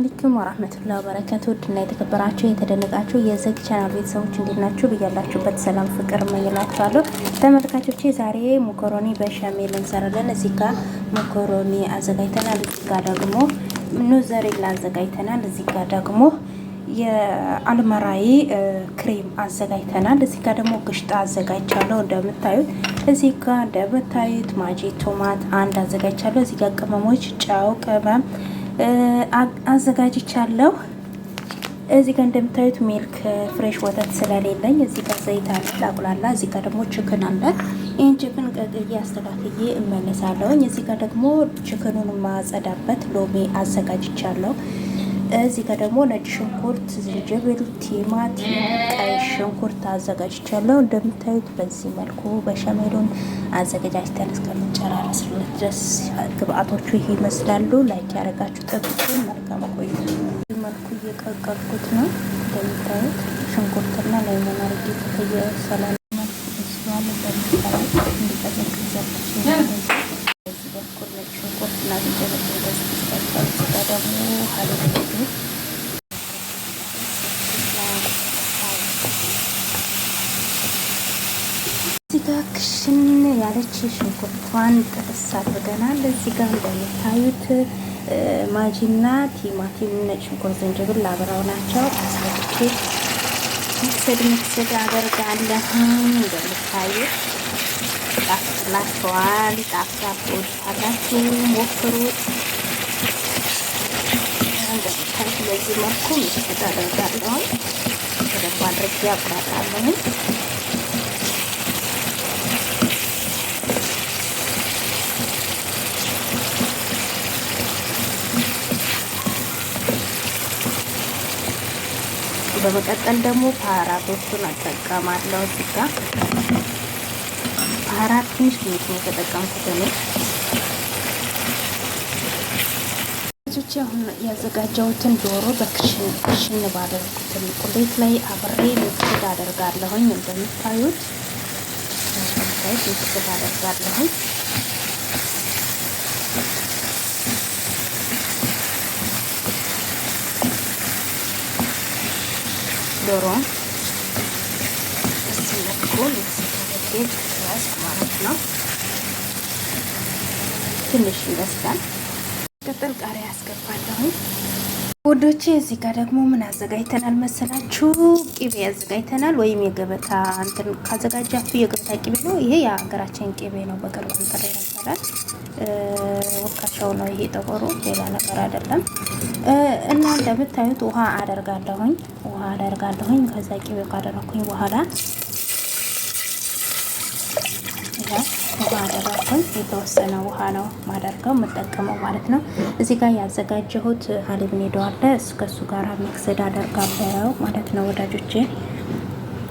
አለይኩም ወራህመቱላሂ ወበረካቱ ውድና የተከበራችሁ የተደነቃችሁ የዘግ ቻናል ቤተሰቦች እንዴት ናችሁ? ብያላችሁበት ሰላም ፍቅር እመኝላችኋለሁ። ተመልካቾቼ ዛሬ ሞኮሮኒ በሻሜል እንሰራለን። እዚህ ጋር ሞኮሮኒ አዘጋጅተናል። እዚህ ጋር ደግሞ ኑዘሬላ አዘጋጅተናል። እዚህ ጋር ደግሞ የአልመራይ ክሬም አዘጋጅተናል። እዚህ ጋር ደግሞ ግሽጣ አዘጋጅቻለሁ። እንደምታዩት እዚህ ጋር እንደምታዩት ማጂ ቶማት አንድ አዘጋጅቻለሁ። እዚህ ጋር ቅመሞች፣ ጨው፣ ቅመም አዘጋጅቻለሁ። እዚህ ጋር እንደምታዩት ሚልክ ፍሬሽ ወተት ስለሌለኝ እዚህ ጋር ዘይት አለ ላቁላላ። እዚህ ጋር ደግሞ ችክን አለ። ይህን ችክን ቀቅዬ አስተካክዬ እመለሳለሁኝ። እዚህ ጋር ደግሞ ችክኑን ማጸዳበት ሎሚ አዘጋጅቻለሁ። እዚህ ጋር ደግሞ ነጭ ሽንኩርት፣ ዝንጅብል፣ ቲማቲም፣ ቀይ ሽንኩርት አዘጋጅቻለሁ። እንደምታዩት በዚህ መልኩ በሸሜሎን አዘገጃጅተን እስከምንጨራረስ ድረስ ግብአቶቹ ይሄ ይመስላሉ። ላይክ ያደረጋችሁ ጠብቁን። መልካም ቆዩ። መልኩ እየቀቀልኩት ነው። እንደምታዩት ሽንኩርትና ላይ መማርጌ ተፈየ ሰላም መልኩ ስዋል እንደምታዩት እንዲቀዘቅዘ ሽንኩርት ክሽን ያለች ሽንኩርቷን ጥብስ አድርገናል። እዚህ ጋር እንደምታዩት ማጂና ቲማቲም፣ ነጭ ሽንኩርት፣ ዝንጅብል አብረው ናቸው። አሳጭቼ ሚክስድ ሚክስድ አደርጋለሁ። እንደምታዩት ጣፍጥላቸዋል። ጣፍጣቦች አላችሁ ሞክሩት። እንደምታዩት በዚህ መልኩ ሚክስድ አደርጋለሁ። በደንብ አድርጌ አቁራጣለሁ። በመቀጠል ደግሞ ፓራቶቹን አጠቀማለሁ። እዚጋ ፓራ ትንሽ ትንሽ ነው የተጠቀምኩት እኔ። ቶች አሁን ያዘጋጀሁትን ዶሮ በክሽን ባደርጉትን ቁሌት ላይ አብሬ ምክስድ አደርጋለሁኝ። እንደምታዩት ምክስድ አደርጋለሁኝ ዶሮውን በዚህ መልኩ ማለት ነው። ትንሽ ይበስላል። ቅጥል ቃሪያ ያስገባለሁ። ወዶቼ እዚህ ጋር ደግሞ ምን አዘጋጅተናል መሰላችሁ? ቂቤ አዘጋጅተናል። ወይም የገበታ እንትን ካዘጋጃችሁ የገበታ ቂቤ ነው። ይሄ የሀገራችን ቂቤ ነው። በቅርብ ንጠራ ይነበራል ወካሻው ነው ይሄ ጥቁሩ፣ ሌላ ነገር አይደለም። እና እንደምታዩት ውሃ አደርጋለሁኝ ውሃ አደርጋለሁኝ። ከዛ ቂቤ ካደረኩኝ በኋላ ውሃ አደረኩኝ። የተወሰነ ውሃ ነው ማደርገው የምጠቀመው ማለት ነው። እዚህ ጋር ያዘጋጀሁት ሀሊብ ኔዶ አለ። ከሱ ጋር ሚክስድ አደርጋለሁ ማለት ነው። ወዳጆቼ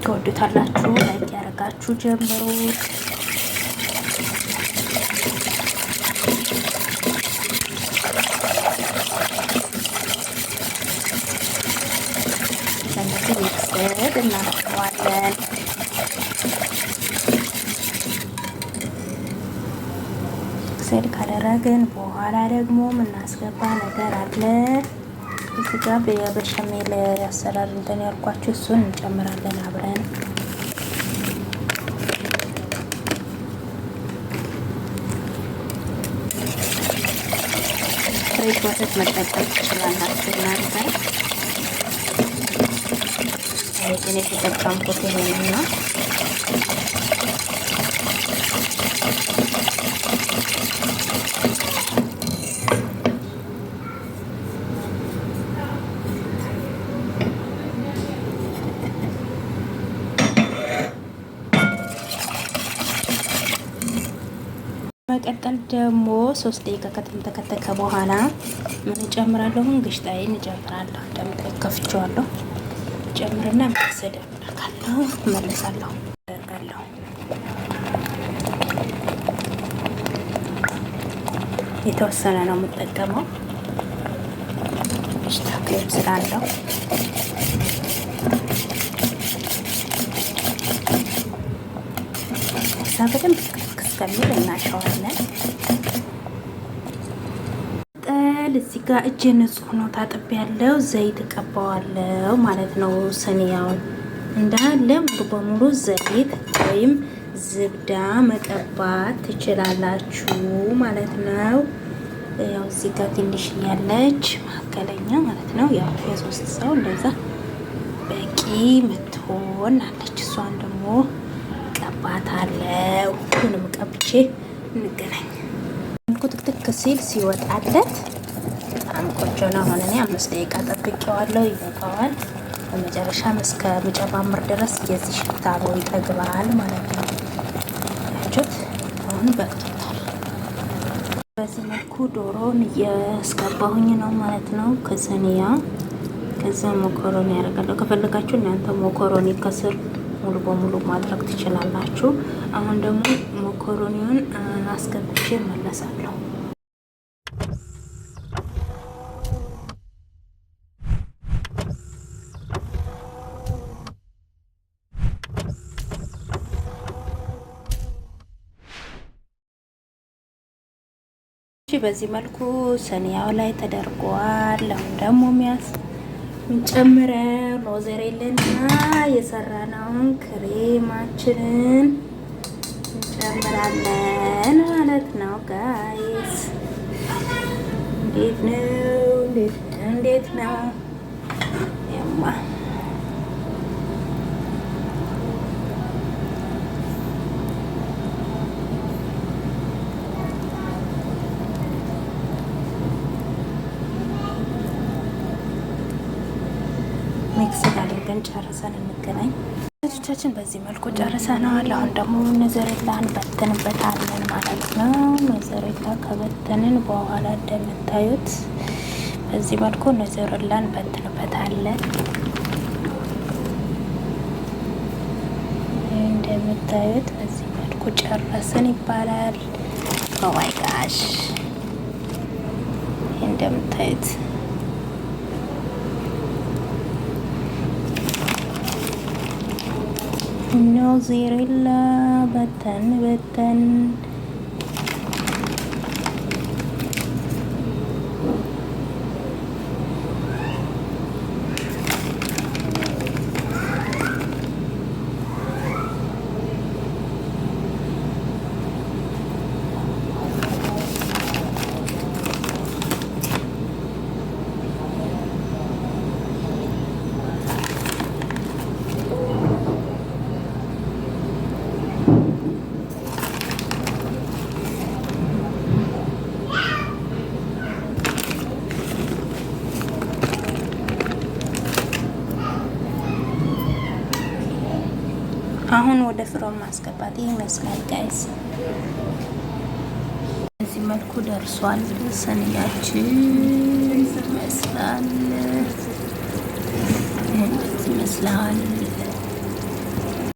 ትወዱታላችሁ። ላይክ ያደርጋችሁ ጀምሩት። እናደርገዋለን። ሰድ ካደረግን በኋላ ደግሞ የምናስገባ ነገር አለ። እዚህ ጋር በበሸሜል አሰራር እንትን ያልኳችሁ እሱን እንጨምራለን አብረን ፍሬሽ ወተት መጠቀም ትችላላችሁ እናንተ እዚህ ነው የተጠቀምኩት። ይሄንን ነው መቀጠል ደግሞ ሶስት ደቂቃ ከተም በኋላ ምን እጨምራለሁ? ግሽጣዬን እጨምራለሁ። እንደምታይ ከፍቼዋለሁ። ጨምርና መሰደ ካለው መለሳለሁ አደርጋለሁ። የተወሰነ ነው የምጠቀመው ሽታ ክሬም ስላለው ከዛ በደንብ ክስከሚል እናሸዋለን። ይመስላል። እዚህ ጋር እጄ ንጹህ ነው ታጥብ ያለው ዘይት እቀባዋለው ማለት ነው። ስኒያውን እንዳለ ሙሉ በሙሉ ዘይት ወይም ዝብዳ መቀባት ትችላላችሁ ማለት ነው። ያው እዚህ ጋር ትንሽ ያለች መካከለኛ ማለት ነው። ያው የሶስት ሰው እንደዛ በቂ ምትሆን አለች። እሷን ደግሞ ቀባታለው። ሁሉንም ቀብቼ እንገናኝ። ኩትክትክ ሲል ሲወጣለት በጣም ቆንጆ ነው። አሁን እኔ አምስት ደቂቃ ጠብቄዋለሁ። ይበቃዋል። በመጨረሻም እስከ ምጨማምር ድረስ የዚህ ሽታ ነው ይጠግባል ማለት ነው። ያችሁት አሁን በቅቶታል። በዚህ መልኩ ዶሮን እያስገባሁኝ ነው ማለት ነው። ከዘንያ ከዛ ሞኮሮኒ ያደርጋለሁ። ከፈለጋችሁ እናንተ ሞኮሮኒ ከስር ሙሉ በሙሉ ማድረግ ትችላላችሁ። አሁን ደግሞ ሞኮሮኒውን አስገብቼ መለሳለሁ። እንግዲህ በዚህ መልኩ ሰኒያው ላይ ተደርጓል። አሁን ደግሞ ሚያስ እንጨምረው ሞዘሬላና የሰራነውን ክሬማችንን እንጨምራለን ማለት ነው። ጋይስ እንዴት ነው? እንዴት ነው? ሚክስድ አድርገን ጨርሰን እንገናኝ። ቻችን በዚህ መልኩ ጨርሰናል። አሁን ደግሞ ሞዘሬላ እንበትንበታለን ማለት ነው። ሞዘሬላ ከበተንን በኋላ እንደምታዩት በዚህ መልኩ ሞዘሬላ እንበትንበታለን። እንደምታዩት በዚህ መልኩ ጨረስን ይባላል። ኦማይ ጋሽ እንደምታዩት نظر الله بتا بتا አሁን ወደ ፍሮም ማስገባት ይመስላል ጋይስ። በዚህ መልኩ ደርሷል። ሰንያችን ይመስላል ይመስላል